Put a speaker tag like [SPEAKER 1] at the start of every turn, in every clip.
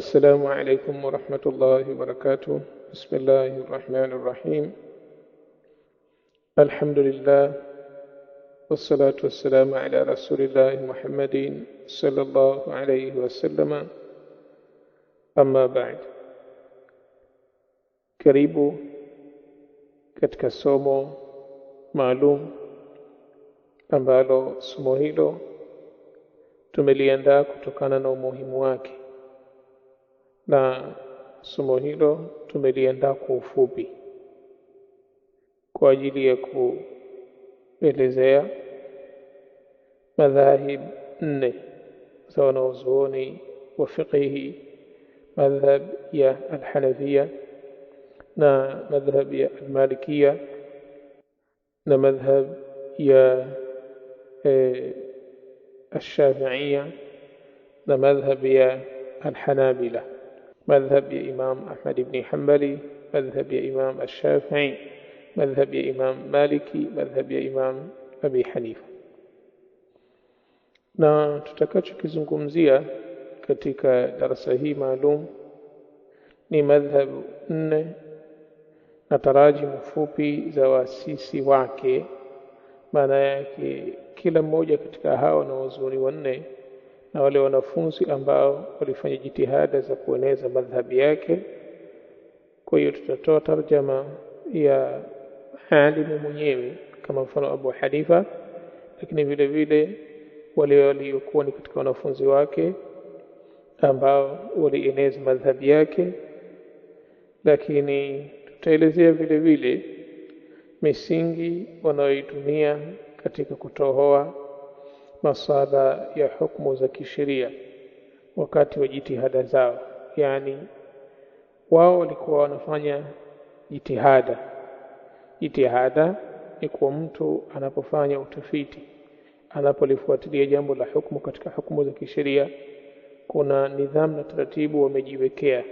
[SPEAKER 1] السلام عليكم ورحمة الله وبركاته بسم الله الرحمن الرحيم الحمد لله والصلاة والسلام على رسول الله محمد صلى الله عليه وسلم أما بعد قريب katika somo maalum ambalo somo hilo tumeliandaa kutokana na umuhimu wake na somo hilo tumelienda kwa ufupi kwa ajili ya kuelezea madhahib nne za wanaozuoni wa fiqhi madhhab ya Alhanafia na madhhab ya Almalikia na madhhab ya e, Alshafiia na madhhab ya Alhanabila مذهب إمام أحمد بن حنبلي مذهب إمام الشافعي مذهب إمام مالكي مذهب إمام أبي حنيفة na tutakachokizungumzia katika darasa hii maalum ni madhhabu nne na tarajimu fupi za waasisi wake maana yake kila mmoja katika hawa na wazuri wanne na wale wanafunzi ambao walifanya jitihada za kueneza madhhabi yake. Kwa hiyo tutatoa tarjama ya alimu mwenyewe kama mfano Abu Hanifa, lakini vile vile wale waliokuwa ni katika wanafunzi wake ambao walieneza madhhabi yake, lakini tutaelezea vile vile misingi wanayoitumia katika kutohoa masala ya hukumu za kisheria wakati wa jitihada zao, yaani wao walikuwa wanafanya jitihada. Jitihada ni kuwa mtu anapofanya utafiti, anapolifuatilia jambo la hukumu katika hukumu za kisheria, kuna nidhamu na taratibu wamejiwekea.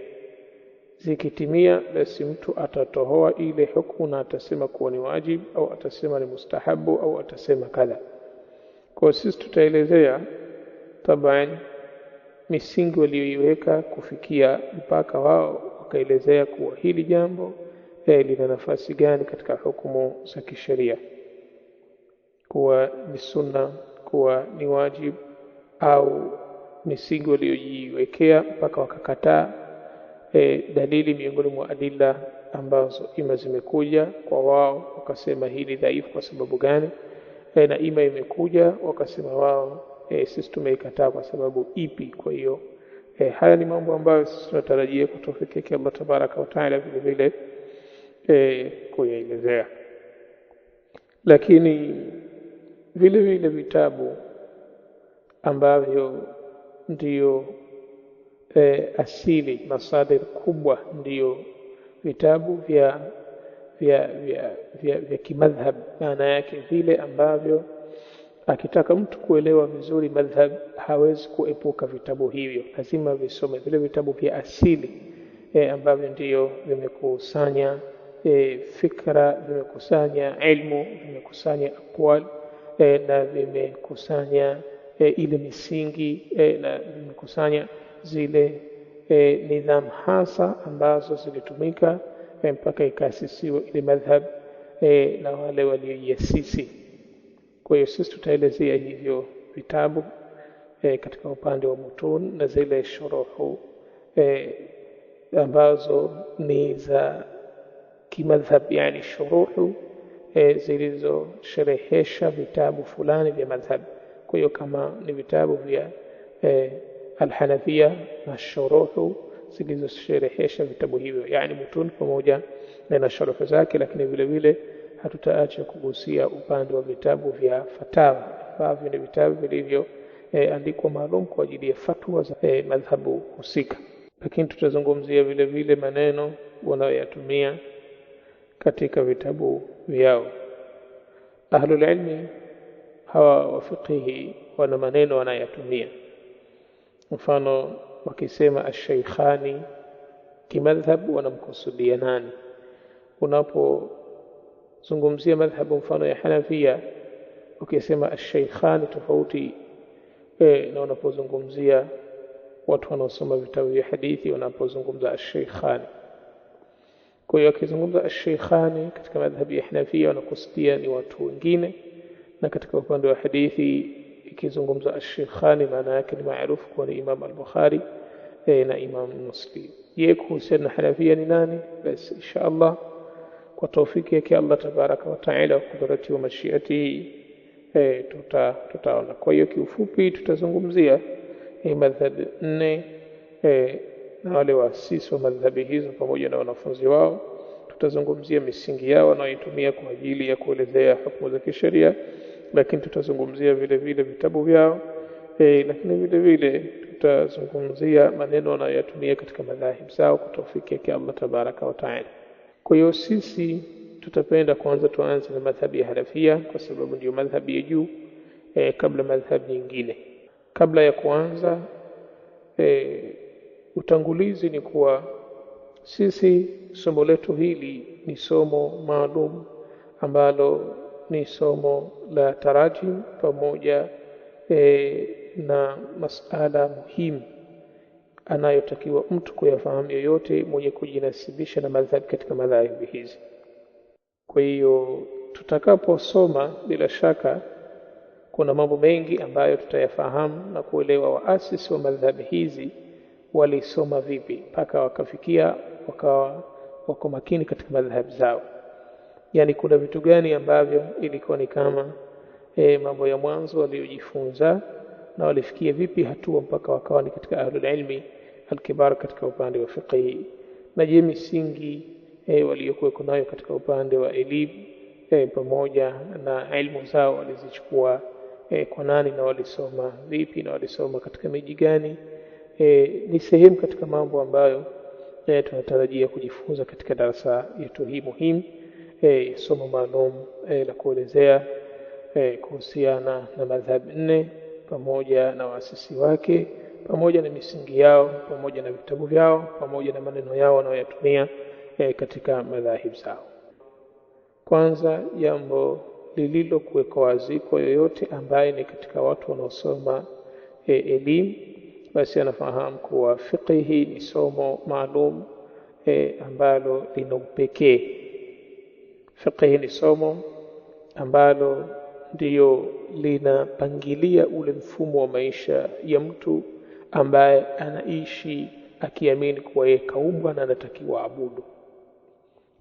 [SPEAKER 1] Zikitimia basi mtu atatohoa ile hukumu na atasema kuwa ni wajibu au atasema ni mustahabu au atasema kadha. Kwa sisi tutaelezea tabani misingi walioiweka kufikia mpaka wao wakaelezea kuwa hili jambo eh, lina nafasi gani katika hukumu za kisheria, kuwa ni sunna, kuwa ni wajibu au misingi waliojiwekea mpaka wakakataa. E, dalili miongoni mwa adila ambazo ima zimekuja kwa wao wakasema hili dhaifu. Kwa sababu gani? e, na ima imekuja wakasema wao e, sisi tumeikataa kwa sababu ipi? Kwa hiyo e, haya ni mambo ambayo sisi tunatarajia kutoka kwake Allah tabaraka wataala vile vile e, kuyaelezea, lakini vile vile vitabu ambavyo ndiyo e, asili masadir kubwa ndiyo vitabu vya vya, vya, vya, vya kimadhhab, maana yake vile ambavyo akitaka mtu kuelewa vizuri madhhab hawezi kuepuka vitabu hivyo, lazima visome vile vitabu vya asili e, ambavyo ndiyo vimekusanya e, fikra, vimekusanya ilmu, vimekusanya aqwal e, na vimekusanya e, ile misingi e, na vimekusanya zile e, nidhamu hasa ambazo zilitumika mpaka ikaasisiwa ile madhhab e, na wale walioiasisi. Kwa hiyo sisi tutaelezea hivyo vitabu e, katika upande wa mutun na zile shuruhu e, ambazo ni za kimadhhab, yani shuruhu e, zilizosherehesha vitabu fulani vya madhhab. Kwa hiyo kama ni vitabu vya e, Alhanafia na shuruhu zilizosherehesha vitabu hivyo, yani mutun pamoja na na sharufu zake, lakini vile vile hatutaacha kugusia upande wa vitabu vya fatawa ambavyo ni vitabu vilivyo e, maalum kwa ajili ya fatwa za e, madhhabu husika, lakini tutazungumzia vile vile maneno wanayoyatumia katika vitabu vyao. Ahlul ilmi hawa wafiqihi wana maneno wanayatumia mfano wakisema ashaikhani kimadhhab wanamkusudia nani? Unapozungumzia madhhabu mfano ya Hanafia ukisema asheikhani tofauti e, na unapozungumzia watu wanaosoma vitabu vya hadithi wanapozungumza asheikhani. Kwa hiyo wakizungumza asheikhani katika madhhabu ya Hanafia wanakusudia ni watu wengine, na katika upande wa hadithi ikizungumza ashekhani maana yake ni maarufu kuwa ni Imam al-Bukhari eh, na Imam Muslim. Je, kuhusiana na Hanafia ni nani? Basi insha Allah kwa taufiki yake Allah tabaraka wa taala wa kudrati wa mashiati e, tuta tutaona. Kwa hiyo kiufupi tutazungumzia e, eh, madhhabi nne e, na wale waasisi wa madhhabi hizo pamoja na wanafunzi wao. Tutazungumzia misingi yao wanaoitumia kwa ajili ya kuelezea hukumu za kisheria lakini tutazungumzia vile vile vitabu vyao e, lakini vile vile tutazungumzia maneno wanayoyatumia katika madhahib zao kwa taufiki yake Allah tabaraka wa taala. Kwa hiyo sisi tutapenda kwanza tuanze na madhhabi ya Hanafia kwa sababu ndiyo madhhabi ya juu e, kabla madhhabi nyingine. Kabla ya kuanza e, utangulizi ni kuwa sisi somo letu hili ni somo maalum ambalo ni somo la tarajim pamoja e, na masala muhimu anayotakiwa mtu kuyafahamu yoyote mwenye kujinasibisha na madhhabi katika madhahibi hizi. Kwa hiyo tutakaposoma, bila shaka kuna mambo mengi ambayo tutayafahamu na kuelewa waasisi wa madhhabi hizi walisoma vipi mpaka wakafikia wakawa wako makini katika madhhabi zao yani kuna vitu gani ambavyo ilikuwa ni kama e, mambo ya mwanzo waliojifunza na walifikia vipi hatua mpaka wakawa ni katika ahlul ilmi alkibar katika upande wa fiqhi, na je misingi e, waliyokuweko nayo katika upande wa elimu e, pamoja na ilmu zao walizichukua e, kwa nani na walisoma vipi na walisoma katika miji gani? E, ni sehemu katika mambo ambayo e, tunatarajia kujifunza katika darasa yetu hii muhimu e, somo maalum e, la kuelezea e, kuhusiana na madhhabi nne pamoja na waasisi wake pamoja na misingi yao pamoja na vitabu vyao pamoja na maneno yao wanayoyatumia e, katika madhahib zao. Kwanza, jambo lililokuweka wazi kwa yoyote ambaye ni katika watu wanaosoma e, elimu, basi anafahamu kuwa fiqhi ni somo maalum e, ambalo lina upekee Fiqhi ni somo ambalo ndiyo linapangilia ule mfumo wa maisha ya mtu ambaye anaishi akiamini kuwa yeye kaumbwa na anatakiwa abudu.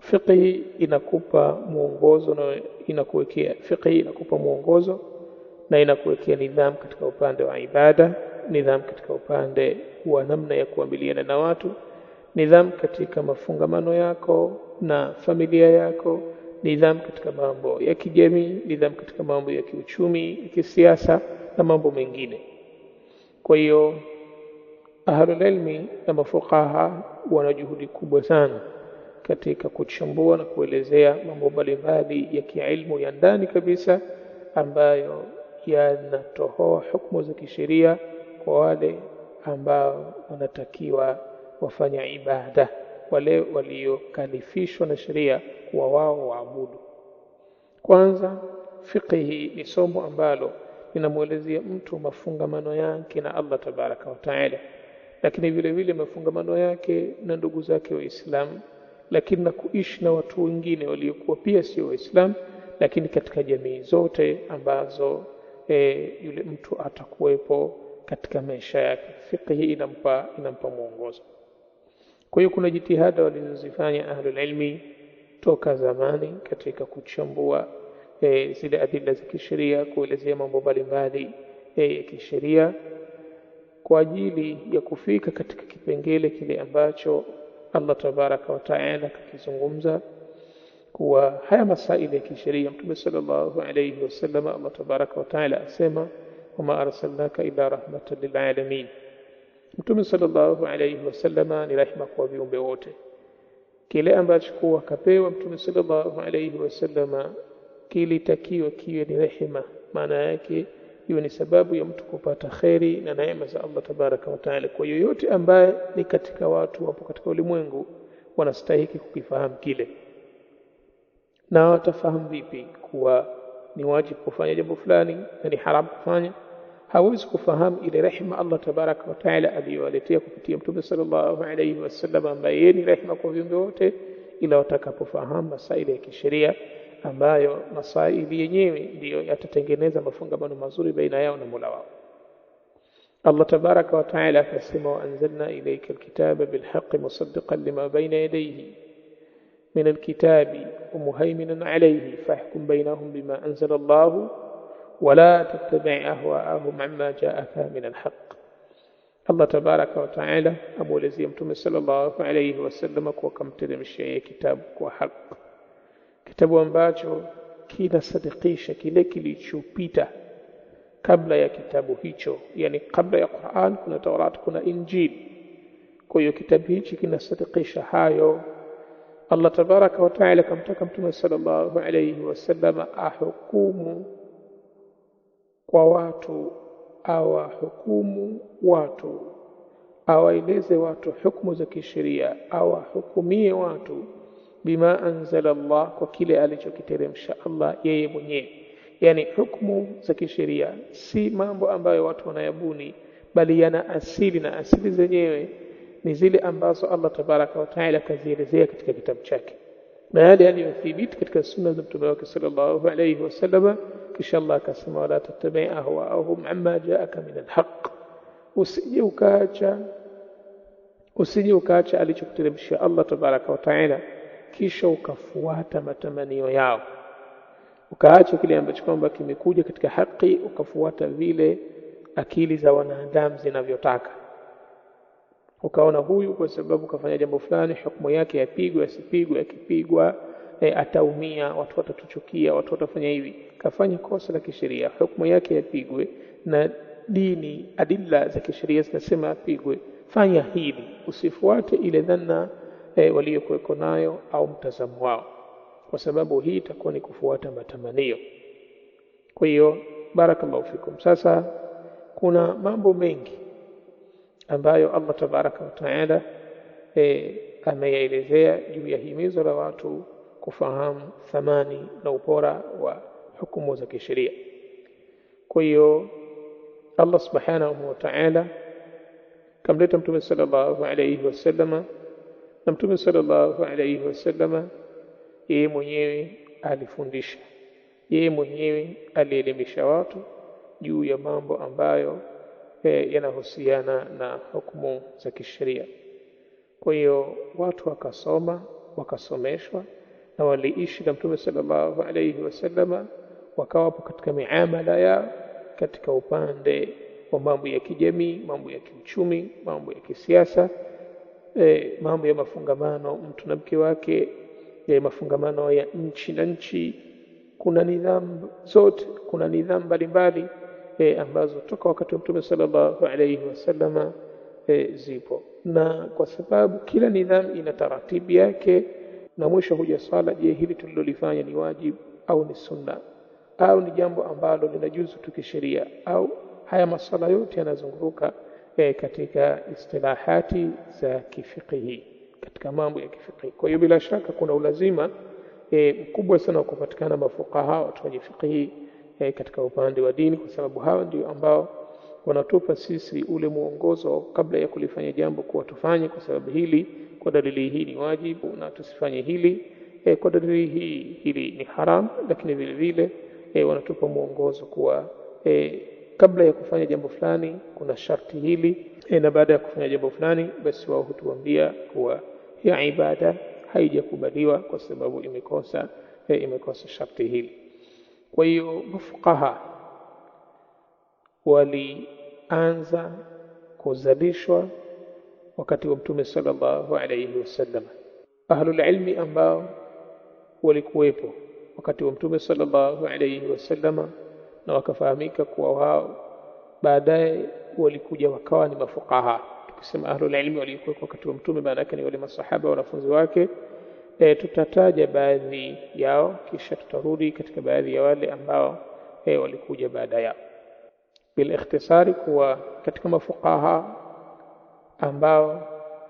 [SPEAKER 1] Fiqhi inakupa mwongozo na inakuwekea fiqhi inakupa mwongozo na inakuwekea nidhamu katika upande wa ibada, nidhamu katika upande wa namna ya kuamiliana na watu, nidhamu katika mafungamano yako na familia yako, nidhamu katika mambo ya kijamii, nidhamu katika mambo ya kiuchumi, ya kisiasa na mambo mengine. Kwa hiyo ahlulilmi na mafukaha wana juhudi kubwa sana katika kuchambua na kuelezea mambo mbalimbali ya kiilmu ya ndani kabisa ambayo yanatohoa hukumu za kisheria kwa wale ambao wanatakiwa wafanya ibada wale waliokalifishwa na sheria kuwa wao waabudu. Kwanza, fiqhi ni somo ambalo linamwelezea mtu mafungamano yake na Allah tabaraka wa taala, lakini vile vile mafungamano yake na ndugu zake Waislamu, lakini na kuishi na watu wengine waliokuwa pia sio Waislamu, lakini katika jamii zote ambazo e, yule mtu atakuwepo katika maisha yake. Fiqhi inampa inampa mwongozo. Kwa hiyo kuna jitihada walizozifanya ahlulilmi toka zamani katika kuchambua e, zile adila za kisheria, kuelezea mambo mbalimbali e, ya kisheria kwa ajili ya kufika katika kipengele kile ambacho Allah tabaraka wataala akakizungumza kuwa haya masaili ya kisheria Mtume sallallahu alayhi wasallam, Allah tabaraka wataala asema wama arsalnaka illa rahmatan lilalamin Mtume sallallahu alaihi wasallama ni rahma kwa viumbe wote. Kile ambacho kuwa kapewa Mtume sallallahu alaihi wasallama kilitakiwa kiwe ni rehema, maana yake iwe ni sababu ya mtu kupata kheri na neema za Allah tabaraka wataala. Kwa yoyote ambaye ni katika watu wapo katika ulimwengu, wanastahiki kukifahamu kile, na watafahamu vipi kuwa ni wajibu kufanya jambo fulani na ni haramu kufanya hawezi kufahamu ile rehema Allah tabaraka wa taala aliyowaletea kupitia Mtume sallallahu alayhi wasallam, ambaye yeye ni rehema kwa viumbe wote, ila watakapofahamu masaili ya kisheria ambayo masaili yenyewe ndiyo yatatengeneza mafungamano mazuri baina yao na Mola wao. Allah tabaraka wa taala akasema, waanzalna ilayka alkitaba bilhaqi musaddiqan lima baina yadayhi min alkitabi wa muhaiminan alayhi fahkum bainahum bima anzala Allahu ولا تتبع أهواءهم عما جاءك من الحق الله تبارك وتعالى أبو لزي يمتم صلى الله عليه وسلم وكم تدم الشيء كتابك وحق كتاب وانباجه كنا صدقيش كنك ليشو بيتا قبل يا كتاب هيتشو يعني قبل يا قرآن كنا توراة كنا إنجيل كيو كتاب هيتش كنا صدقيش هايو الله تبارك وتعالى كم تكم صلى الله عليه وسلم أحكمه kwa watu, awahukumu watu, awaeleze watu hukumu za kisheria, awahukumie watu bima anzala Allah, kwa kile alichokiteremsha Allah yeye mwenyewe. Yani hukumu za kisheria si mambo ambayo watu wanayabuni, bali yana asili, na asili zenyewe ni zile ambazo Allah tabaraka wa taala akazielezea katika kitabu chake na yale yaliyothibiti katika sunna za mtume wake sallallahu alaihi wasalama kisha Allah akasema, wala tattabi ahwaahum amma jaaka min alhaq, usije ukaacha usije ukaacha alichokuteremshia Allah tabaraka wa taala, kisha ukafuata matamanio yao, ukaacha kile ambacho kwamba kimekuja katika haki, ukafuata vile akili za wanadamu zinavyotaka ukaona huyu kwa sababu kafanya jambo fulani, hukumu yake yapigwe, asipigwe, akipigwa e, ataumia, watu watatuchukia, watu watafanya hivi, kafanya kosa la kisheria, hukumu yake yapigwe na dini, adilla za kisheria zinasema apigwe. Fanya hili, usifuate ile dhana e, waliokuweko nayo au mtazamo wao, kwa sababu hii itakuwa ni kufuata matamanio. Kwa hiyo barakallahu fikum. Sasa kuna mambo mengi ambayo Allah tabaraka wa taala e, ameyaelezea juu ya himizo la watu kufahamu thamani na upora wa hukumu za kisheria. Kwa hiyo Allah subhanahu wa ta'ala kamleta Mtume sallallahu alayhi wasallama, na Mtume sallallahu alayhi wasallama yeye mwenyewe alifundisha, yeye mwenyewe alielimisha watu juu ya mambo ambayo e, yanahusiana na hukumu za kisheria. Kwa hiyo watu wakasoma, wakasomeshwa na waliishi na Mtume sallallahu alaihi wasallama, wakawapo katika miamala yao katika upande wa mambo ya kijamii, mambo ya kiuchumi, mambo ya kisiasa, e, mambo ya mafungamano mtu na mke wake, ya e, mafungamano ya nchi na nchi. Kuna nidhamu zote, kuna nidhamu mbalimbali e, ambazo toka wakati wa Mtume sallallahu alaihi wasallama e, zipo, na kwa sababu kila nidhamu ina taratibu yake na mwisho huja swala, je, hili tulilolifanya ni wajibu au ni sunna au ni jambo ambalo linajuzu tu kisheria? Au haya maswala yote yanazunguka e, katika istilahati za kifikihi, katika mambo ya kifikihi. Kwa hiyo bila shaka kuna ulazima e, mkubwa sana wa kupatikana mafukaha watu wenye fikihi e, katika upande wa dini, kwa sababu hawa ndio ambao wanatupa sisi ule mwongozo kabla ya kulifanya jambo kuwa tufanye kwa sababu hili, kwa dalili hii ni wajibu na tusifanye hili e, kwa dalili hii hili ni haram. Lakini vile vile e, wanatupa mwongozo kuwa e, kabla ya kufanya jambo fulani kuna sharti hili e, na baada ya kufanya jambo fulani, basi wao hutuambia kuwa ya ibada haijakubaliwa kwa sababu imekosa e, imekosa sharti hili. Kwa hiyo mafukaha wali anza kuzalishwa wakati wa Mtume sallallahu alayhi wasallam. Ahlul ilmi ambao walikuwepo wakati wa Mtume sallallahu alayhi wasallam na wakafahamika kuwa wao baadaye walikuja wakawa ni mafukaha Tukisema ahlul ilmi waliokuwepo wakati wa Mtume, maana yake ni wale masahaba wanafunzi wake. E, tutataja baadhi yao kisha tutarudi katika baadhi ya wale ambao e, walikuja baada yao bil ikhtisari kuwa katika mafuqaha ambao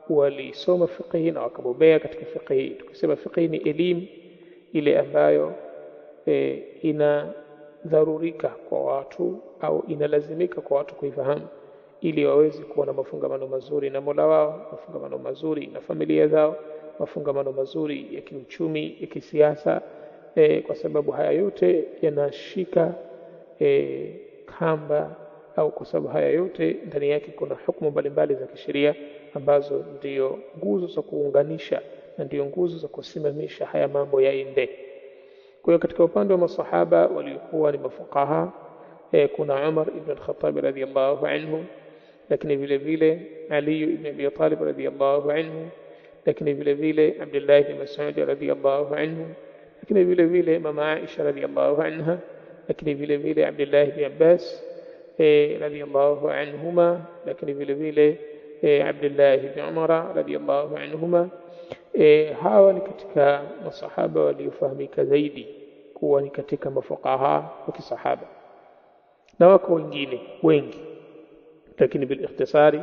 [SPEAKER 1] walisoma fiqhi na wakabobea katika fiqhi. Tukisema fiqhi ni elimu ile ambayo e, inadharurika kwa watu au inalazimika kwa watu kuifahamu ili waweze kuwa na mafungamano mazuri na Mola wao, mafungamano mazuri na familia zao, mafungamano mazuri ya kiuchumi, ya kisiasa e, kwa sababu haya yote yanashika e, kamba au kwa sababu haya yote ndani yake kuna hukumu mbalimbali za kisheria ambazo ndio nguzo za kuunganisha na ndio nguzo za kusimamisha haya mambo yaende. Kwa hiyo katika upande wa masahaba waliokuwa ni mafukaha e, eh, kuna Umar ibn al-Khattab radhiyallahu anhu, lakini vile vile Ali ibn Abi Talib radhiyallahu anhu, lakini vile vile Abdullah ibn Mas'ud radhiyallahu anhu, lakini vile vile mama Aisha radhiyallahu anha lakini vile vile Abdullah ibn Abbas eh, radhiyallahu anhuma, lakini vile vile e, Abdullah ibn Umar radhiyallahu anhuma. E, hawa ni katika masahaba waliofahamika zaidi kuwa ni katika mafuqaha wa kisahaba, na wako wengine wengi, lakini bil ikhtisari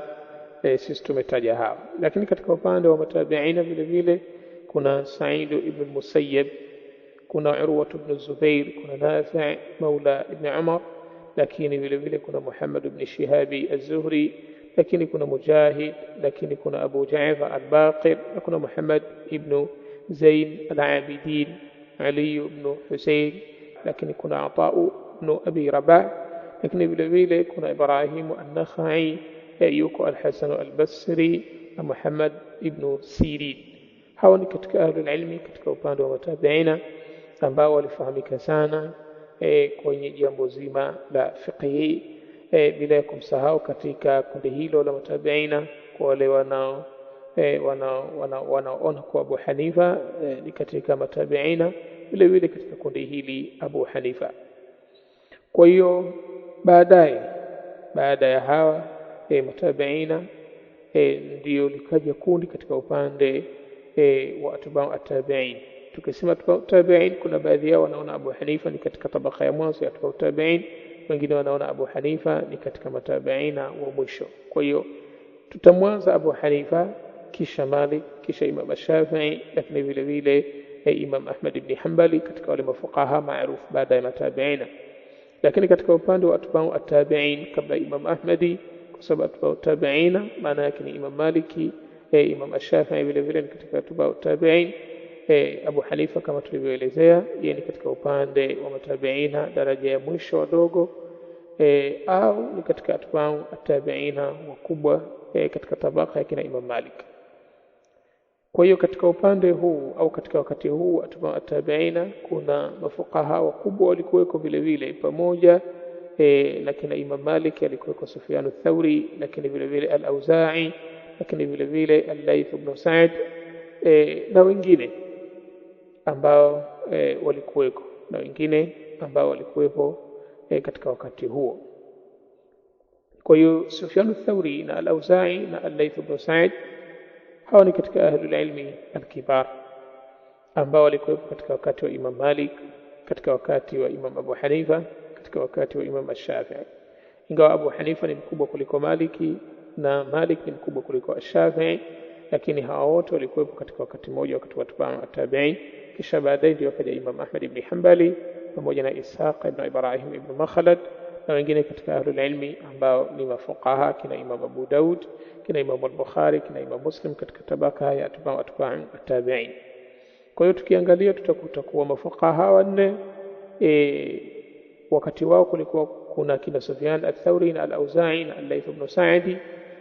[SPEAKER 1] eh, sisi tumetaja hawa. Lakini katika upande wa matabiina vile vile kuna said ibn Musayyib كنا عروة بن الزبير كنا نافع مولى ابن عمر لكن بلبلي كنا محمد بن شهاب الزهري لكن كنا مجاهد لكن كنا أبو جعفر الباقر كنا محمد بن زين العابدين علي بن حسين لكن كنا عطاء بن أبي رباح لكن بلبلي كنا إبراهيم النخعي أيوك الحسن البصري محمد بن سيرين حاولني كتك أهل العلم كتك أبان ومتابعينا ambao walifahamika sana e, kwenye jambo zima la fiqhi e, bila ya kumsahau katika kundi hilo la matabiina kwa wale wanao e, wanaoona wana, kuwa Abu Hanifa e, ni katika matabiina vile vile katika kundi hili Abu Hanifa. Kwa hiyo baadaye baada ya hawa e, matabiina e, ndio likaja kundi katika upande e, wa atbau Tukisema tabiin, kuna baadhi yao wanaona Abu Hanifa ni katika tabaka ya mwanzo ya tabiin, wengine wanaona Abu Hanifa ni katika matabiina wa mwisho. Kwa hiyo tutamwanza Abu Hanifa kisha Malik kisha Imam Shafii, lakini vile vile eh, Imam Ahmad ibn Hanbali katika wale mafuqaha maarufu baada ya matabiina. Lakini katika upande wa atbau atabiin kabla Imam Ahmadi, kwa sababu atbau tabiina maana yake ni Imam Maliki, eh, Imam Shafii vile vile ni katika atbau tabiin Hey, Abu Hanifa kama tulivyoelezea, yeye ni katika upande wa matabiina daraja ya mwisho wadogo, e, eh, au ni katika atbau atabiina wakubwa, e, katika tabaka ya kina Imam Malik. Kwa hiyo katika upande huu au katika wakati huu atbau atabiina kuna mafukaha wakubwa walikuweko vile vile pamoja e, na kina Imam Malik alikuweko Sufyan Thauri, lakini vile vile al-Auza'i, lakini vile vile al-Layth ibn Sa'd E, na wengine ambao e, walikuweko na wengine ambao walikuwepo e, katika wakati huo. Kwa hiyo Sufyan Thauri na Al-Auza'i na Al-Layth ibn Sa'id hawa ni katika ahlul ilmi al-kibar ambao walikuwepo katika wakati wa Imam Malik, katika wakati wa Imam Abu Hanifa, katika wakati wa Imam Shafi'i. Ingawa Abu Hanifa ni mkubwa kuliko Maliki na Malik ni mkubwa kuliko Shafi'i, lakini hawa wote walikuwepo katika wakati mmoja, wakati wa tabi'i Kisha baadaye iliyokaja Imam Ahmad ibn Hanbali pamoja na Ishaq ibn Ibrahim ibn Makhlad na wengine katika ahlul ilmi ambao ni mafuqaha kina Imam Abu Daud kina Imam al-Bukhari kina Imam Muslim katika tabaka ya atba'u tabi'in. Kwa hiyo tukiangalia tutakuta kuwa mafuqaha wanne e, wakati wao kulikuwa kuna kina Sufyan al-Thawri na al-Auza'i na al-Layth ibn Sa'di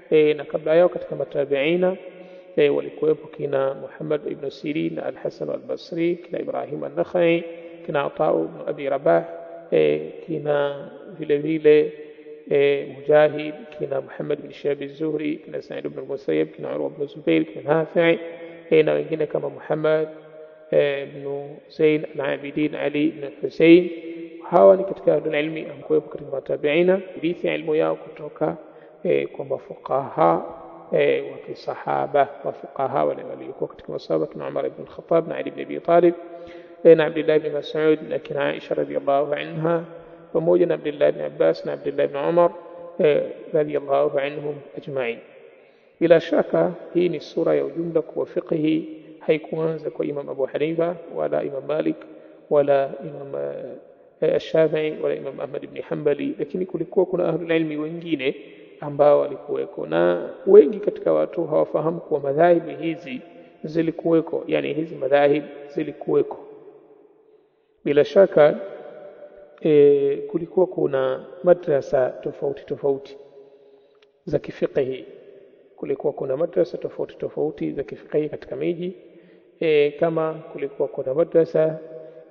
[SPEAKER 1] e, na kabla yao katika matabi'ina وكنا محمد بن سيرين الحسن البصري كنا إبراهيم النخعي كنا عطاء بن أبي رباح كنا فيلفيلي مجاهد كنا محمد بن شهاب الزهري كنا سعيد بن المسيب كنا عروة بن الزبير كنا نافع na wengine kama محمد بن Zain al-Abidin Ali ibn Hussein. Hawa ni katika ahlul ilmi amkuwepo katika matabiina, rithi ilmu yao kutoka eh, إيه، وكصحابة وفقهاء ولوليك وقتك مصابة عمر بن الخطاب نعلي بن أبي طالب لين إيه، عبد الله بن مسعود لكن عائشة رضي الله عنها وموجن عبد الله بن عباس عبد الله بن عمر إيه، رضي الله عنهم أجمعين بلا شك هي السورة يوجملك وفقه هيكون زكو إمام أبو حنيفة ولا إمام مالك ولا إمام الشافعي ولا إمام أحمد بن حنبلي لكن كل كنا أهل العلم وإنجيني ambao walikuweko, na wengi katika watu hawafahamu kuwa madhahibu hizi zilikuweko, yani hizi madhahibu zilikuweko. Bila shaka e, kulikuwa kuna madrasa tofauti tofauti za kifiqhi, kulikuwa kuna madrasa tofauti tofauti za kifiqhi katika miji e, kama kulikuwa kuna madrasa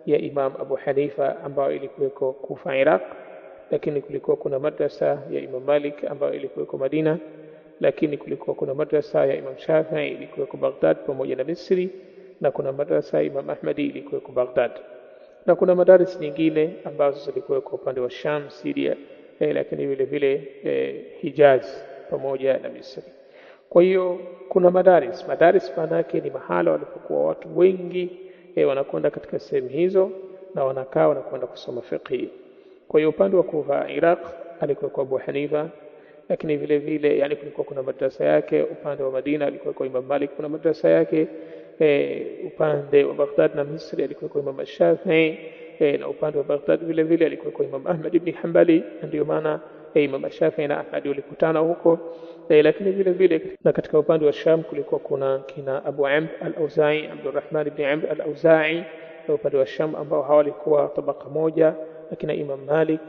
[SPEAKER 1] ya Imam Abu Hanifa ambayo ilikuweko Kufa, Iraq lakini kulikuwa kuna madrasa ya Imam Malik ambayo ilikuweko Madina, lakini kulikuwa kuna madrasa ya Imam Shafii ilikuweko Baghdad pamoja na Misri, na kuna madrasa ya Imam Ahmadi ilikuweko Baghdad, na kuna madaris nyingine ambazo zilikuweko upande wa Sham, Syria, eh, lakini vile vile eh, Hijaz pamoja na Misri. Kwa hiyo kuna madaris. Madaris maana yake ni mahala walipokuwa watu wengi eh, wanakwenda katika sehemu hizo na wanakaa wanakwenda kusoma fiqh. Kwa hiyo upande wa Kufa Iraq alikuweko Abu Hanifa, lakini vile vile yani kulikuwa kuna madrasa yake. Upande wa Madina alikuweko Imam Malik, kuna madrasa yake. E, upande wa Baghdad na Misri alikuweko Imam Shafii e, na upande wa Baghdad vile vile alikuweko Imam Ahmad ibn Hanbali, ndio maana e, Imam Shafii na Ahmad walikutana huko e, lakini vile vile na katika upande wa Sham kulikuwa kuna kina Abu Amr al-Auza'i, Abdurrahman ibn Amr al-Auza'i na upande wa Sham ambao hawalikuwa tabaka moja akina Imam Malik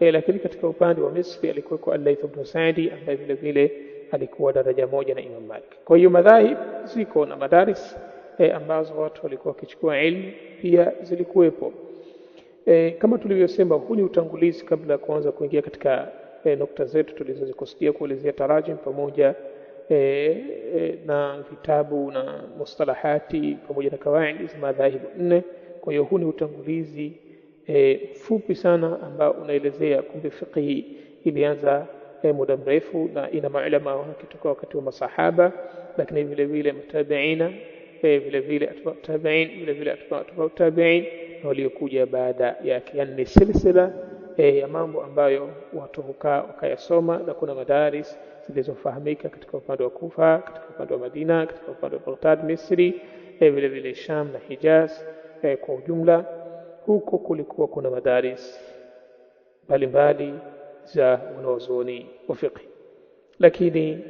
[SPEAKER 1] e, lakini katika upande wa Misri alikuweko Al-Layth ibn Sa'di ambaye vile vile alikuwa daraja moja na Imam Malik. Kwa hiyo madhahib ziko na madaris e, ambazo watu walikuwa wakichukua ilmu pia zilikuwepo. E, kama tulivyosema, huu ni utangulizi kabla ya kuanza kuingia katika e, nukta zetu tulizozikusudia kuelezea tarajim pamoja e, e, na vitabu na mustalahati pamoja na kawaidi za madhahibu nne. Kwa hiyo huu ni utangulizi e, fupi sana ambao unaelezea kumbe fiqhi ilianza e, muda mrefu na ina maulama wake toka wakati wa masahaba, lakini vile vile matabiina e, vile vile atba tabiin vile vile atba tabiin na waliokuja baada yake, yani ni silsila e, ya mambo ambayo watu hukaa wakayasoma, na kuna madaris zilizofahamika katika upande wa Kufa, katika upande wa Madina, katika upande wa Baghdad Misri, e, vile vile Sham na Hijaz e, kwa ujumla huko kulikuwa kuna madaris mbalimbali za wanazuoni wa fiqhi, lakini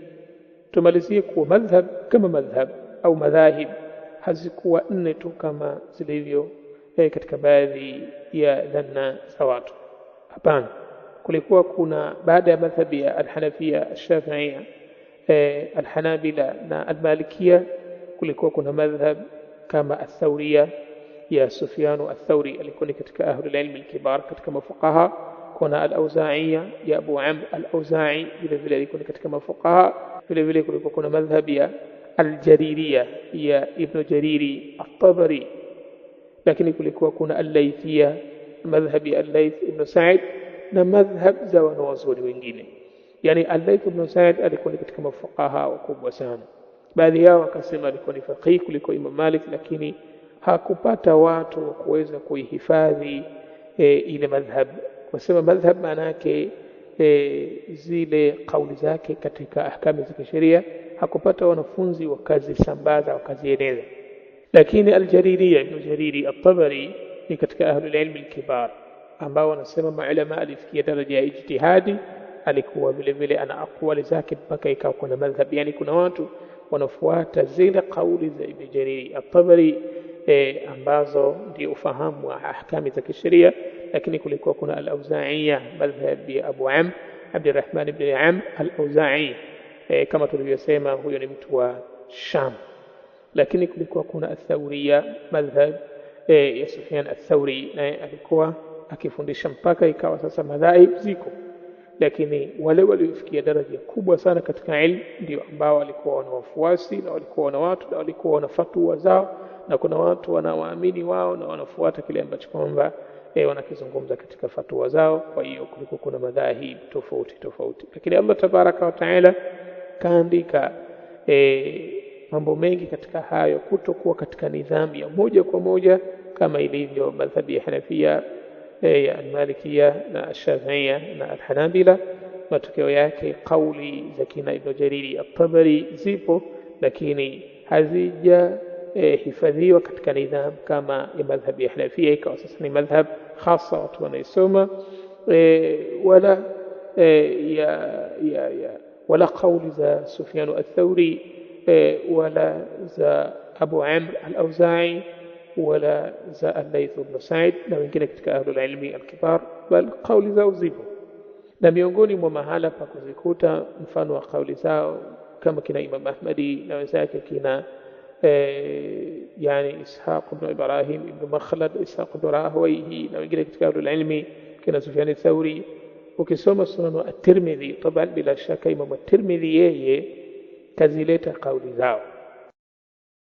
[SPEAKER 1] tumalizie kuwa madhhab kama madhhab au madhahib hazikuwa nne tu kama zilivyo eh, katika baadhi ya dhanna za watu. Hapana, kulikuwa kuna baada ya madhhabi ya Alhanafia, Alshafiia, eh, Alhanabila na Almalikia, kulikuwa kuna madhhab kama Athauria يا سفيان الثوري اللي كوني كتك أهل العلم الكبار كتك مفقها كنا الأوزاعية يا أبو عم الأوزاعي بلا بلا اللي كوني كتك مفقها بلا بلا يكون كنا مذهب يا الجريرية يا ابن جريري الطبري لكن يقول لك وكون الليثية مذهب الليث ابن سعد نمذهب زوان وزول وينجيني يعني الليث ابن سعد اللي كوني كتك مفقها وكوب وسام بعد يا وكسم اللي كوني فقيه كل إمام مالك لكني hakupata watu wa kuweza kuihifadhi e, ile madhhab. Wasema madhhab maana yake e, zile kauli zake katika ahkamu za kisheria hakupata wanafunzi wakazisambaza wakazieneza. Lakini Aljaririya, Ibnu Jariri Atabari ni katika ahlulilmi lkibar ambao wanasema maulama alifikia daraja ya ijtihadi. Alikuwa vile vile ana akwali zake mpaka ikawa kuna madhhab, yani kuna watu wanafuata zile kauli za Ibnu Jariri Atabari. e, ambazo ndio ufahamu wa ahkami za kisheria lakini kulikuwa kuna al-Auza'iya madhhab ya Abu Amr Abdurrahman ibn Am al-Auza'i e, kama tulivyosema huyo ni mtu wa Sham lakini kulikuwa kuna athauria madhhab e, ya Sufyan ath-Thauri naye alikuwa akifundisha mpaka ikawa sasa madhaib ziko lakini wale waliofikia daraja kubwa sana katika ilmu ndio ambao walikuwa wana wafuasi na walikuwa wana watu na walikuwa wana fatwa zao, na kuna watu wanawaamini wao na wanafuata kile ambacho kwamba e, wanakizungumza katika fatwa zao. Kwa hiyo kulikuwa kuna madhahi tofauti tofauti, lakini Allah tabaraka wa taala kaandika e, mambo mengi katika hayo, kutokuwa katika nidhamu ya moja kwa moja kama ilivyo madhhabi ya Hanafia أي المالكية لا الشافعية لا الحنابلة ما تكيو ياكي قولي زكينا ابن جريري الطبري زيبو لكني هزيجة إيه، حفاظي وقت كان نظام كما مذهب إحلافية كأساسن مذهب خاصة وطوانا السومة ولا إيه، يا يا يا ولا قول ذا سفيان الثوري إيه، ولا ذا أبو عمرو الأوزاعي ولا za Allaith ibn Said na wengine katika ahlul ilmi alkibar bal kauli zao zipo na miongoni mwa mahala pa kuzikuta mfano wa kauli zao kama kina Imam Ahmadi na wenzake kina yani Ishaq ibn Ibrahim ibn Makhlad Ishaq ibn Rahawayhi na wengine katika ahlul ilmi kina Sufyan Thauri ukisoma sunanu at-Tirmidhi taban bila shaka Imam at-Tirmidhi yeye kazileta kauli zao